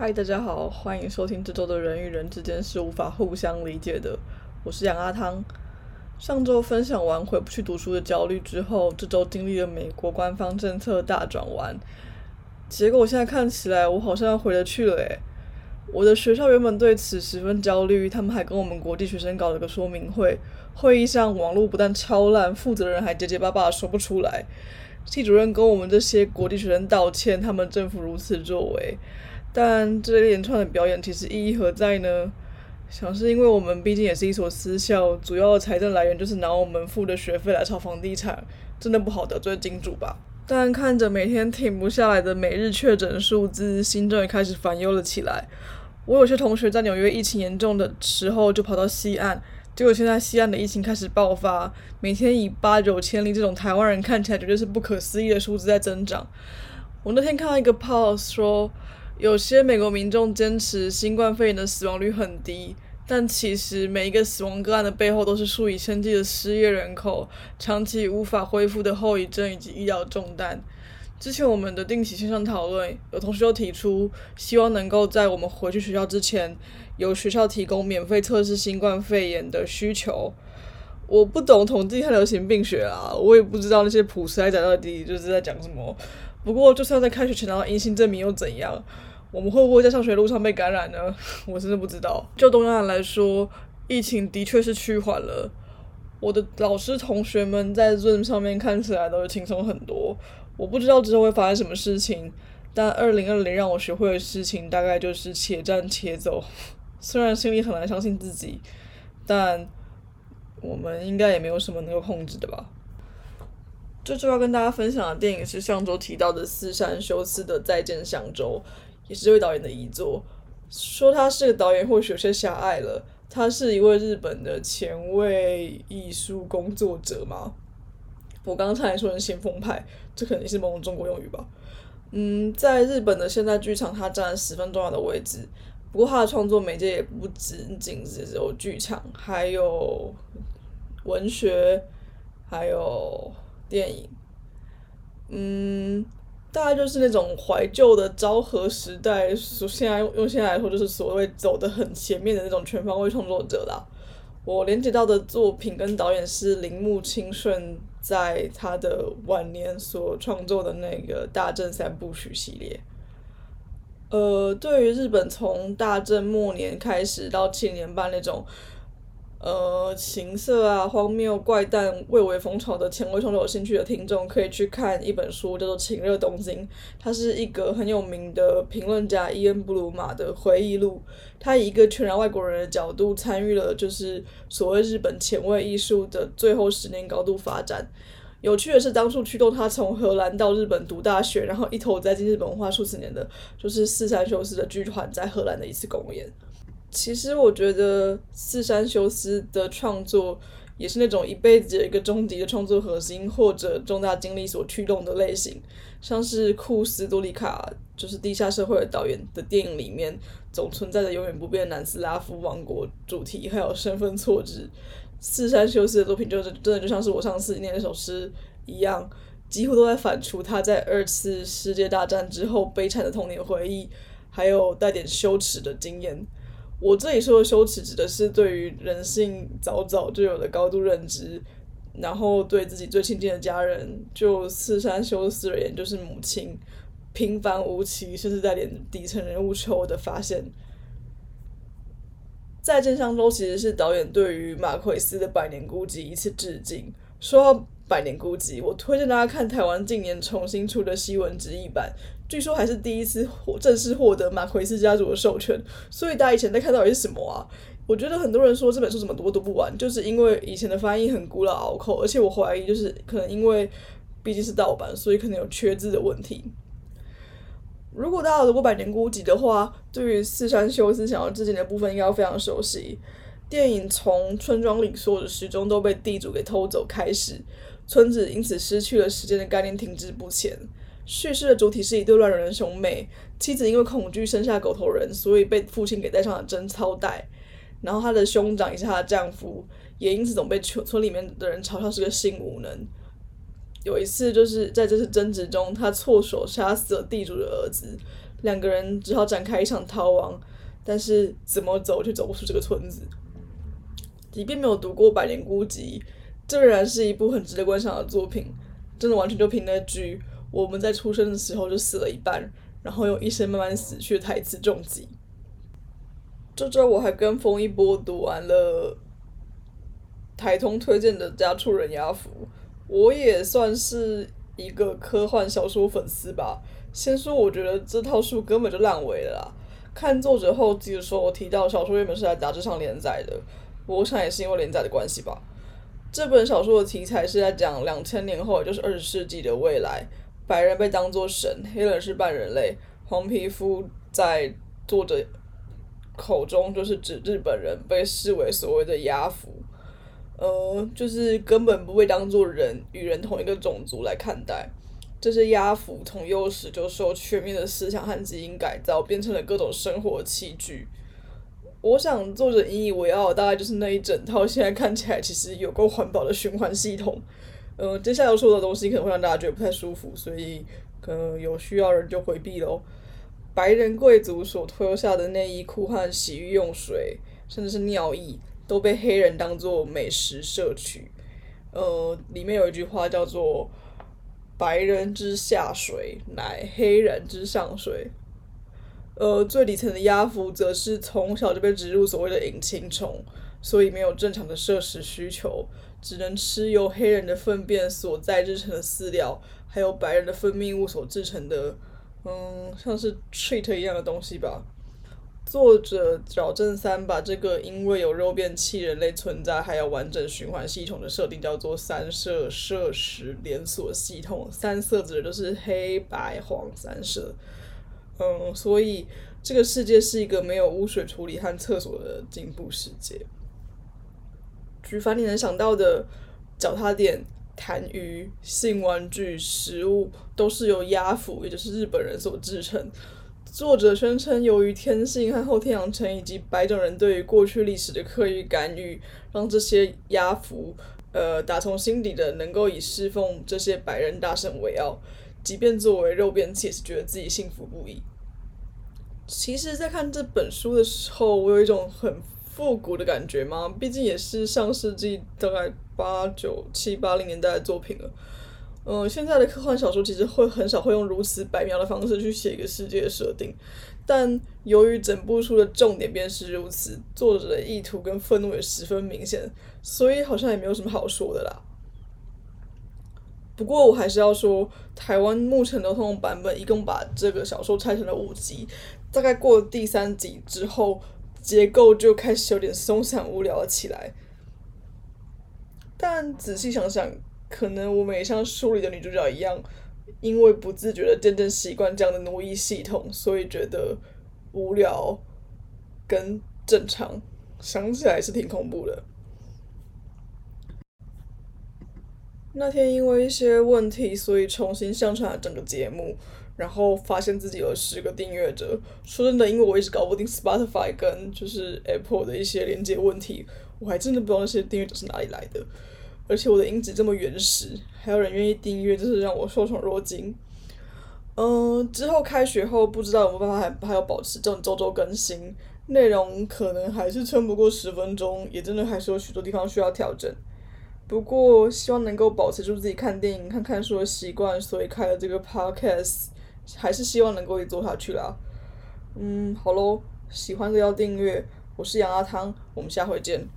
嗨，Hi, 大家好，歡迎收聽這周的人與人之間是無法互相理解的。我是楊阿湯。上周分享完回不去讀書的焦慮之後，這周經歷了美國官方政策大轉彎，結果我現在看起來我好像要回得去了誒，我的學校原本對此十分焦慮，他們還跟我們國際學生搞了個說明會。會議上網絡不但超爛，負責人還結結巴巴說不出來。系主任跟我們這些國際學生道歉，他們政府如此作為。但這一連串的表演其實意義何在呢？想是因為我們畢竟也是一所私校，主要的財政來源就是拿我們付的學費來炒房地產，真的不好得罪金主吧。但看着每天停不下來的每日確診數字，心中也開始煩憂了起來。我有些同學在紐約疫情嚴重的時候就跑到西岸，結果現在西岸的疫情開始爆發，每天以八九千例這種台灣人看起來絕對是不可思議的數字在增長。我那天看到一個 post 說。有些美國民眾堅持新冠肺炎的死亡率很低，但其實每一個死亡個案的背後都是數以千計的失業人口、長期無法恢復的後遺症以及醫療重擔。之前我們的定期線上討論，有同學又提出，希望能夠在我們回去學校之前，由學校提供免費測試新冠肺炎的需求。我不懂統計和流行病學啊，我也不知道那些樸實來講到底就是在講什麼。不過就算在開學前拿到陰性證明又怎樣？我們會不會在上學路上被感染呢？我真的不知道。就東南亞來說，疫情的確是趨緩了。我的老師同學們在 Zoom 上面看起來都輕鬆很多。我不知道之後會發生什麼事情，但二零二零讓我學會的事情大概就是且戰且走。雖然心裡很難相信自己，但。我們應該也沒有什麼能夠控制的吧。最主要跟大家分享的電影是上週提到的寺山修司的《再見・箱舟》，也是這位導演的遺作。說他是個導演或許有些狹隘了，他是一位日本的前衛藝術工作者嘛。我剛剛差點說成先鋒派，這肯定是某種中國用語吧。嗯，在日本的現代劇場，他佔了十分重要的位置。不過他的創作媒介也不僅僅只有劇場，還有文學，還有電影，嗯，大概就是那種懷舊的昭和時代，所現在用現在來說就是所謂走得很前面的那種全方位創作者啦。我連接到的作品跟導演是鈴木清順，在他的晚年所創作的那個大正三部曲系列。呃，對於日本從大正末年開始到七零年代那種呃情色啊、荒謬怪誕、蔚為風潮的前衛創作有興趣的聽眾，可以去看一本書，叫做《情熱東京》，它是一個很有名的評論家伊恩·布魯馬的回憶錄，他以一個全然外國人的角度參與了，就是所謂日本前衛藝術的最後十年高度發展。有趣的是，當初驅動他從荷蘭到日本讀大學，然後一頭栽進日本文化數十年的，就是寺山修司的劇團在荷蘭的一次公演。其實，我覺得寺山修司的創作也是那種一輩子的一個終極的創作核心或者重大經歷所驅動的類型，像是庫斯多利卡就是地下社會的導演的電影裡面，總存在着永遠不變的南斯拉夫王國主題，還有身份錯置。寺山修司的作品就是真的就像是我上次念那首詩一樣，幾乎都在反芻他在二次世界大戰之後悲慘的童年回憶，還有帶點羞恥的經驗。我這裡說的羞恥指的是對於人性早早就有的高度認知，然後對自己最親近的家人，就寺山修司而言就是母親，平凡無奇甚至帶點底層人物臭的發現。在真相中，其實是導演對於馬奎斯的《百年孤寂》一次致敬。說到《百年孤寂》，我推薦大家看台灣近年重新出的西文直譯版，據說還是第一次獲正式獲得馬奎斯家族的授權。所以大家以前在看到底是什麼啊？我覺得很多人說這本書怎麼讀讀都不完，就是因為以前的翻譯很古老拗口，而且我懷疑就是可能因為畢竟是盜版，所以可能有缺字的問題。如果大家有讀過《百年孤寂》的話，對於寺山修司想要致敬的部分應該非常熟悉。電影從村莊裡所有的時鐘都被地主給偷走開始，村子因此失去了時間的概念，停滯不前。敘事的主體是一對亂倫的兄妹，妻子因為恐懼生下狗頭人，所以被父親給戴上了貞操帶。然後他的兄長也是他的丈夫，也因此總被村村裡面的人嘲笑是個性無能。有一次，就是在這次爭執中，他錯手殺死了地主的兒子，兩個人只好展開一場逃亡，但是怎麼走卻走不出這個村子。即便沒有讀過《百年孤寂》，這仍然是一部很值得觀賞的作品，真的完全就憑那句“我們在出生的時候就死了一半，然後用一生慢慢死去”的台詞重擊。這週我還跟風一波讀完了台通推薦的《家畜人鴨俘》。我也算是一個科幻小說粉絲吧。先說，我覺得這套書根本就爛尾了啦。看作者後記得說我提到小說原本是在雜誌上連載的，我想也是因為連載的關係吧。這本小說的題材是在講兩千年後，也就是二十世紀的未來，白人被當作神，黑人是半人類，黃皮膚在作者口中就是指日本人，被視為所謂的“鴨俘”。呃，就是根本不被當做人與人同一個種族來看待，這些鴨俘從幼時就受全面的思想和基因改造，變成了各種生活器具。我想作者引以為傲的大概就是那一整套現在看起來其實有夠環保的循環系統。嗯、呃，接下來要說的東西可能會讓大家覺得不太舒服，所以可能有需要的人就回避嘍。白人貴族所脫下的內衣褲和洗浴用水，甚至是尿液。都被黑人當做美食攝取，呃，裡面有一句話叫做“白人之下水乃黑人之上水”。呃，最底層的鴨俘則是從小就被植入所謂的隱形蟲，所以沒有正常的攝食需求，只能吃由黑人的糞便所再製成的飼料，還有白人的分泌物所製成的，嗯，像是 treat 一樣的東西吧。作者沼正三把這個因為有肉便器、人類存在還有完整循環系統的設定叫做三色攝食連鎖系統。三色指的都是黑白黃三色。嗯，所以這個世界是一個沒有污水處理和廁所的進步世界。舉凡你能想到的腳踏墊痰盂、性玩具、食物，都是由鴨俘，也就是日本人所制成。作者宣稱，由於天性和後天養成，以及白種人對於過去歷史的刻意干預，讓這些鴨俘，呃，打從心底的能夠以侍奉這些白人大神為傲，即便作為肉便器，也是覺得自己幸福不已。其實，在看這本書的時候，我有一種很復古的感覺嘛，畢竟也是上世紀大概八九七八零年代的作品了。嗯，現在的科幻小說其實會很少會用如此白描的方式去寫一個世界的設定，但由於整部書的重點便是如此，作者的意圖跟憤怒也十分明顯，所以好像也沒有什麼好說的啦。不過我還是要說，台灣目前流通的通用版本一共把這個小說拆成了五集，大概過了第三集之後，結構就開始有點鬆散、無聊了起來。但仔細想想。可能我們也像書裡的女主角一樣，因為不自覺的漸漸習慣這樣的奴役系統，所以覺得無聊跟正常。想起來是挺恐怖的。那天因為一些問題，所以重新上傳了整個節目，然後發現自己有十個訂閱者。說真的，因為我一直搞不定 Spotify 跟就是 Apple 的一些連接問題，我還真的不知道那些訂閱者是哪裡來的。而且我的音質這麼原始，還有人願意訂閱，真是讓我受寵若驚。嗯，之後開學後不知道有沒有辦法還還要保持這種周周更新，內容可能還是撐不過十分鐘，也真的還是有許多地方需要調整。不過，希望能夠保持住自己看電影、看看書的習慣，所以開了這個 podcast，還是希望能夠也做下去啦。嗯，好嘍，喜歡的要訂閱，我是楊阿湯，我們下回見。